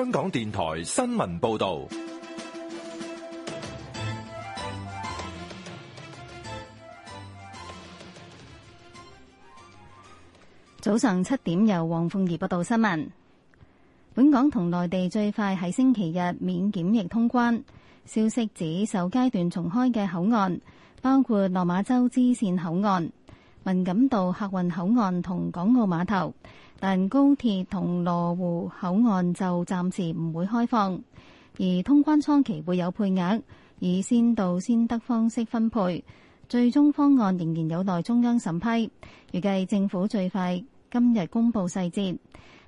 香港電台新聞報道，早上七點由黃鳳儀報道新聞。本港同內地最快喺星期日免檢疫通關，消息指首階段重開嘅口岸包括落馬洲支線口岸、文錦渡客運口岸同港澳碼頭。但高鐵同羅湖口岸就暫時唔會開放，而通關初期會有配額，以先到先得方式分配。最終方案仍然有待中央審批，預計政府最快今日公布細節。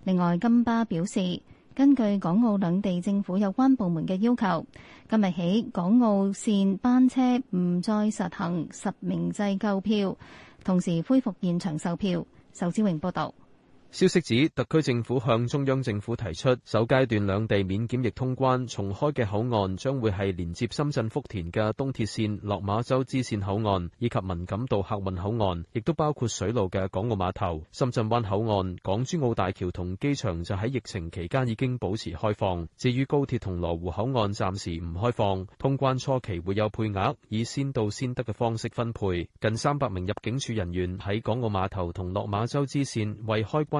另外，金巴表示，根據港澳兩地政府有關部門嘅要求，今日起港澳線班車唔再實行實名制購票，同時恢復現場售票。仇志榮報導。消息指，特區政府向中央政府提出，首階段兩地免檢疫通關重開嘅口岸，將會係連接深圳福田嘅東鐵綫落馬洲支線口岸，以及文錦渡客運口岸，亦都包括水路嘅港澳碼頭、深圳灣口岸、港珠澳大橋同機場，就喺疫情期間已經保持開放。至於高鐵同羅湖口岸暫時唔開放，通關初期會有配額，以先到先得嘅方式分配。近三百名入境處人員喺港澳碼頭同落馬洲支線為開關。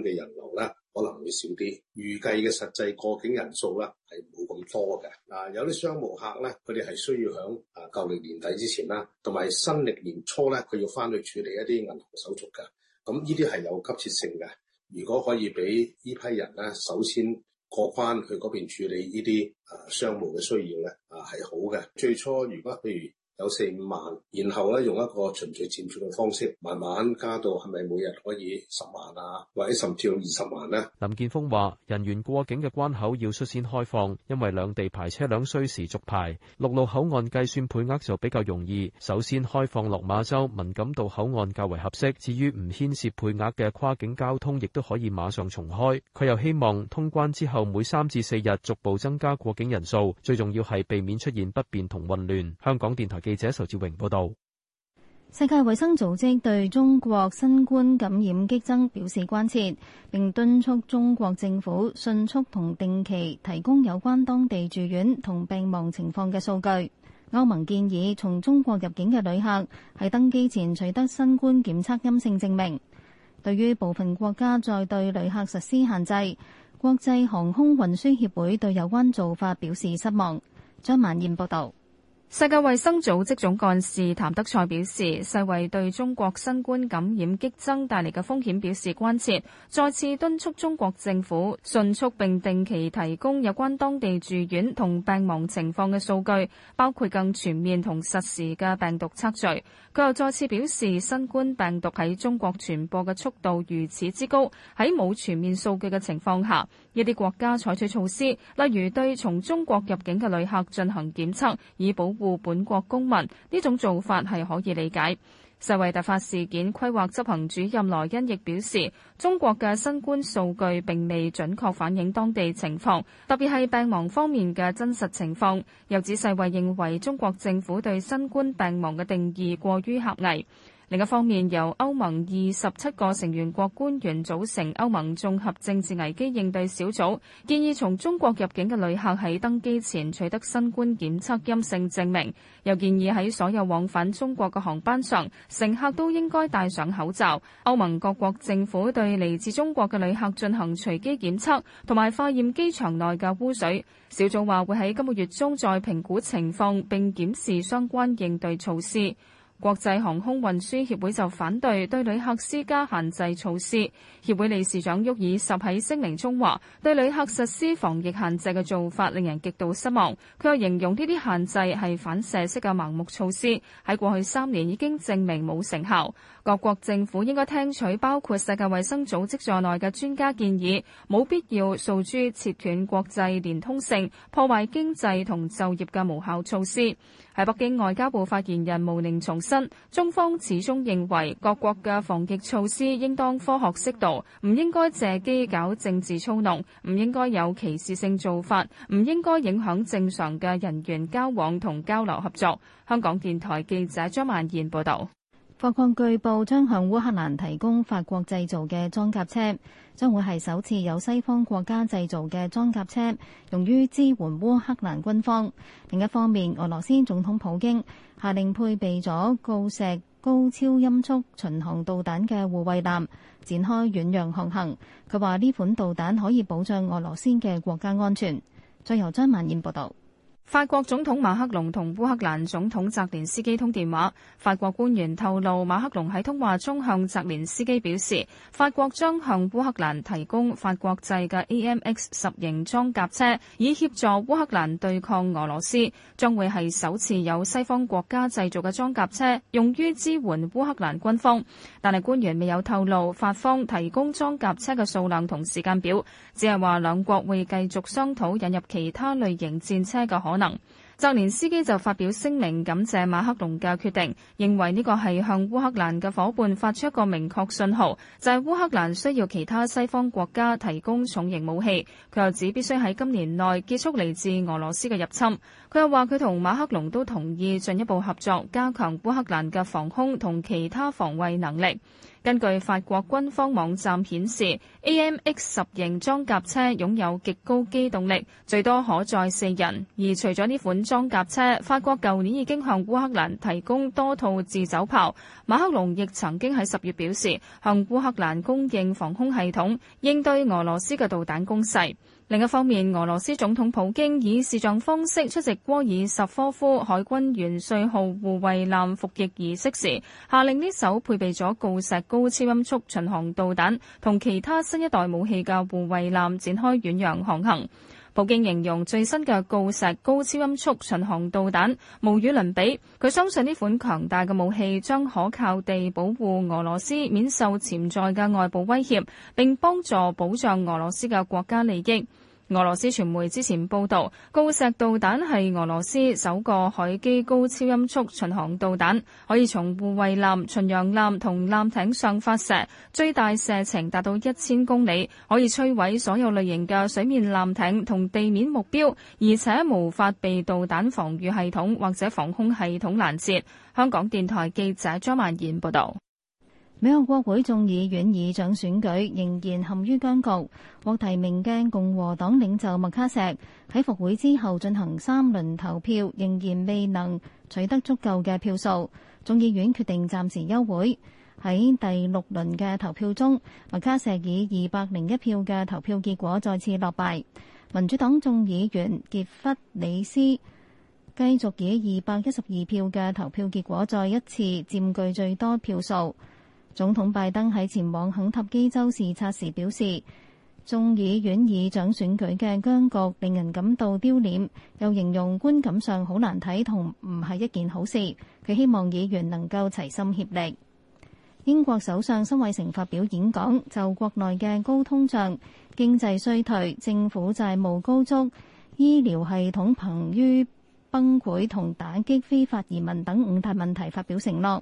嘅人流咧，可能會少啲，預計嘅實際過境人數啦，係冇咁多嘅嗱、啊。有啲商務客咧，佢哋係需要喺啊舊年年底之前啦，同、啊、埋新歷年初咧，佢要翻去處理一啲銀行手續嘅。咁呢啲係有急切性嘅。如果可以俾呢批人咧，首先過關去嗰邊處理呢啲啊商務嘅需要咧啊係好嘅。最初如果譬如有四五萬，然後咧用一個循序漸進嘅方式，慢慢加到係咪每日可以十萬啊，或者甚至二十萬咧？林建峰話：人員過境嘅關口要率先開放，因為兩地牌車輛需時續牌，陸路口岸計算配額就比較容易。首先開放落馬洲、文錦渡口岸較為合適。至於唔牽涉配額嘅跨境交通，亦都可以馬上重開。佢又希望通關之後每三至四日逐步增加過境人數，最重要係避免出現不便同混亂。香港電台記記者仇志榮報道，世界衛生組織對中國新冠感染激增表示關切，並敦促中國政府迅速同定期提供有關當地住院同病亡情況嘅數據。歐盟建議從中國入境嘅旅客喺登機前取得新冠檢測陰性證明。對於部分國家在對旅客實施限制，國際航空運輸協會對有關做法表示失望。張萬燕報道。世界衛生組織總幹事譚德塞表示，世衛對中國新冠感染激增帶嚟嘅風險表示關切，再次敦促中國政府迅速並定期提供有關當地住院同病亡情況嘅數據，包括更全面同實時嘅病毒測序。佢又再次表示，新冠病毒喺中國傳播嘅速度如此之高，喺冇全面數據嘅情況下，一啲國家採取措施，例如對從中國入境嘅旅客進行檢測，以保顧本國公民呢種做法係可以理解。世衛突發事件規劃執行主任萊恩亦表示，中國嘅新冠數據並未準確反映當地情況，特別係病亡方面嘅真實情況。又指世衛認為中國政府對新冠病亡嘅定義過於狹隘。另一方面，由歐盟二十七個成員國官員組成歐盟綜合政治危機應對小組，建議從中國入境嘅旅客喺登機前取得新冠檢測陰性證明，又建議喺所有往返中國嘅航班上，乘客都應該戴上口罩。歐盟各國政府對嚟自中國嘅旅客進行隨機檢測同埋化驗機場內嘅污水。小組話會喺今個月中再評估情況並檢視相關應對措施。國際航空運輸協會就反對對旅客施加限制措施。協會理事長沃爾什喺聲明中話：對旅客實施防疫限制嘅做法令人極度失望。佢又形容呢啲限制係反射式嘅盲目措施，喺過去三年已經證明冇成效。各國政府應該聽取包括世界衛生組織在內嘅專家建議，冇必要訴諸切斷國際連通性、破壞經濟同就業嘅無效措施。喺北京外交部發言人毛寧重申，中方始終認為各國嘅防疫措施應當科學適度，唔應該借機搞政治操弄，唔應該有歧視性做法，唔應該影響正常嘅人員交往同交流合作。香港電台記者張曼燕報道。法國據報將向烏克蘭提供法國製造嘅裝甲車，將會係首次有西方國家製造嘅裝甲車用於支援烏克蘭軍方。另一方面，俄羅斯總統普京下令配備咗鋯石高超音速巡航導彈嘅護衛艦展開遠洋航行。佢話呢款導彈可以保障俄羅斯嘅國家安全。再由張曼燕報道。法國總統馬克龍同烏克蘭總統澤連斯基通電話，法國官員透露，馬克龍喺通話中向澤連斯基表示，法國將向烏克蘭提供法國製嘅 AMX 十型裝甲車，以協助烏克蘭對抗俄羅斯。將會係首次有西方國家製造嘅裝甲車用於支援烏克蘭軍方，但係官員未有透露法方提供裝甲車嘅數量同時間表，只係話兩國會繼續商討引入其他類型戰車嘅可。可能，澤連斯基就發表聲明感謝馬克龍嘅決定，認為呢個係向烏克蘭嘅伙伴發出一個明確信號，就係、是、烏克蘭需要其他西方國家提供重型武器。佢又指必須喺今年內結束嚟自俄羅斯嘅入侵。佢又話佢同馬克龍都同意進一步合作，加強烏克蘭嘅防空同其他防衛能力。根據法國軍方網站顯示，AMX 十型裝甲車擁有極高機動力，最多可載四人。而除咗呢款裝甲車，法國舊年已經向烏克蘭提供多套自走炮。馬克龍亦曾經喺十月表示，向烏克蘭供應防空系統，應對俄羅斯嘅導彈攻勢。另一方面，俄羅斯總統普京以視像方式出席戈爾什科夫海軍元帥號護衛艦服役儀，儀式時，下令呢艘配備咗鋯石高超音速巡航導彈同其他新一代武器嘅護衛艦展開遠洋航行。普京形容最新嘅鋯石高超音速巡航導彈無與倫比，佢相信呢款強大嘅武器將可靠地保護俄羅斯免受潛在嘅外部威脅，並幫助保障俄羅斯嘅國家利益。俄羅斯傳媒之前報道，鋯石導彈係俄羅斯首個海基高超音速巡航導彈，可以從護衛艦、巡洋艦同艦艇上發射，最大射程達到一千公里，可以摧毀所有類型嘅水面艦艇同地面目標，而且無法被導彈防禦系統或者防空系統攔截。香港電台記者張曼燕報道。美國國會眾議院議長選舉仍然陷於僵局，獲提名嘅共和黨領袖麥卡錫喺復會之後進行三輪投票，仍然未能取得足夠嘅票數，眾議院決定暫時休會。喺第六輪嘅投票中，麥卡錫以二百零一票嘅投票結果再次落敗。民主黨眾議員傑弗里斯繼續以二百一十二票嘅投票結果，再一次佔據最多票數。總統拜登喺前往肯塔基州視察時表示，眾議院議長選舉嘅僵局令人感到丟臉，又形容觀感上好難睇同唔係一件好事。佢希望議員能夠齊心協力。英國首相辛偉誠發表演講，就國內嘅高通脹、經濟衰退、政府債務高築、醫療系統瀕於崩潰同打擊非法移民等五大問題發表承諾，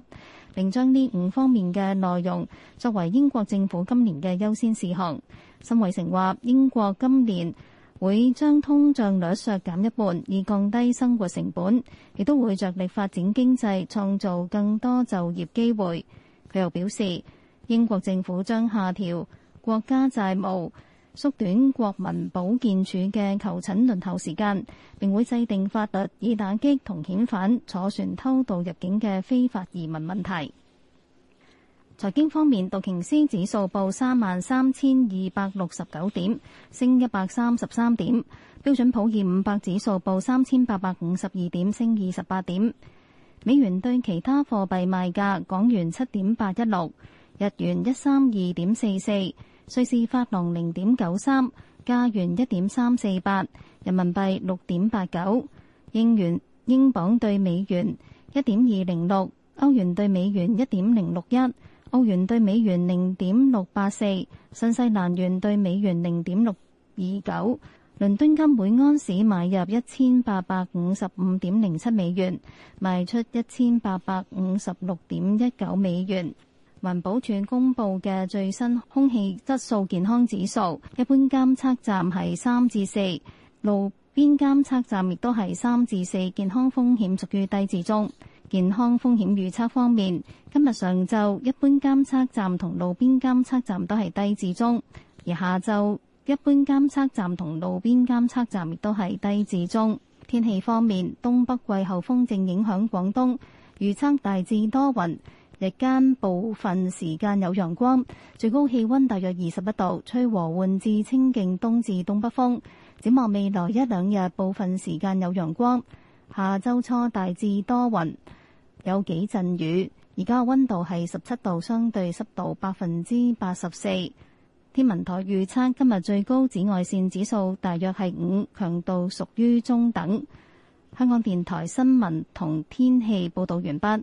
並將呢五方面嘅內容作為英國政府今年嘅優先事項。辛偉誠話，英國今年會將通脹率削減一半，以降低生活成本，亦都會着力發展經濟，創造更多就業機會。佢又表示，英國政府將下調國家債務。縮短國民保健署嘅求診輪候時間，並會制定法律以打擊同遣返坐船偷渡入境嘅非法移民問題。財經方面，道瓊斯指數報三萬三千二百六十九點，升一百三十三點；標準普爾五百指數報三千八百五十二點，升二十八點。美元對其他貨幣賣價，港元七點八一六，日元一三二點四四。瑞士法郎零點九三，加元一點三四八，人民幣六點八九，英元、英鎊對美元一點二零六，歐元對美元一點零六一，澳元對美元零點六八四，新西蘭元對美元零點六二九。倫敦金每安士買入一千八百五十五點零七美元，賣出一千八百五十六點一九美元。環保署公布嘅最新空氣質素健康指數，一般監測站係三至四，路邊監測站亦都係三至四，健康風險屬於低至中。健康風險預測方面，今日上晝一般監測站同路邊監測站都係低至中，而下晝一般監測站同路邊監測站亦都係低至中。天氣方面，東北季候風正影響廣東，預測大致多雲。日間部分時間有陽光，最高氣温大約二十一度，吹和緩至清勁東至東北風。展望未來一兩日，部分時間有陽光。下周初大致多雲，有幾陣雨。而家嘅溫度係十七度，相對濕度百分之八十四。天文台預測今日最高紫外線指數大約係五，強度屬於中等。香港電台新聞同天氣報道完畢。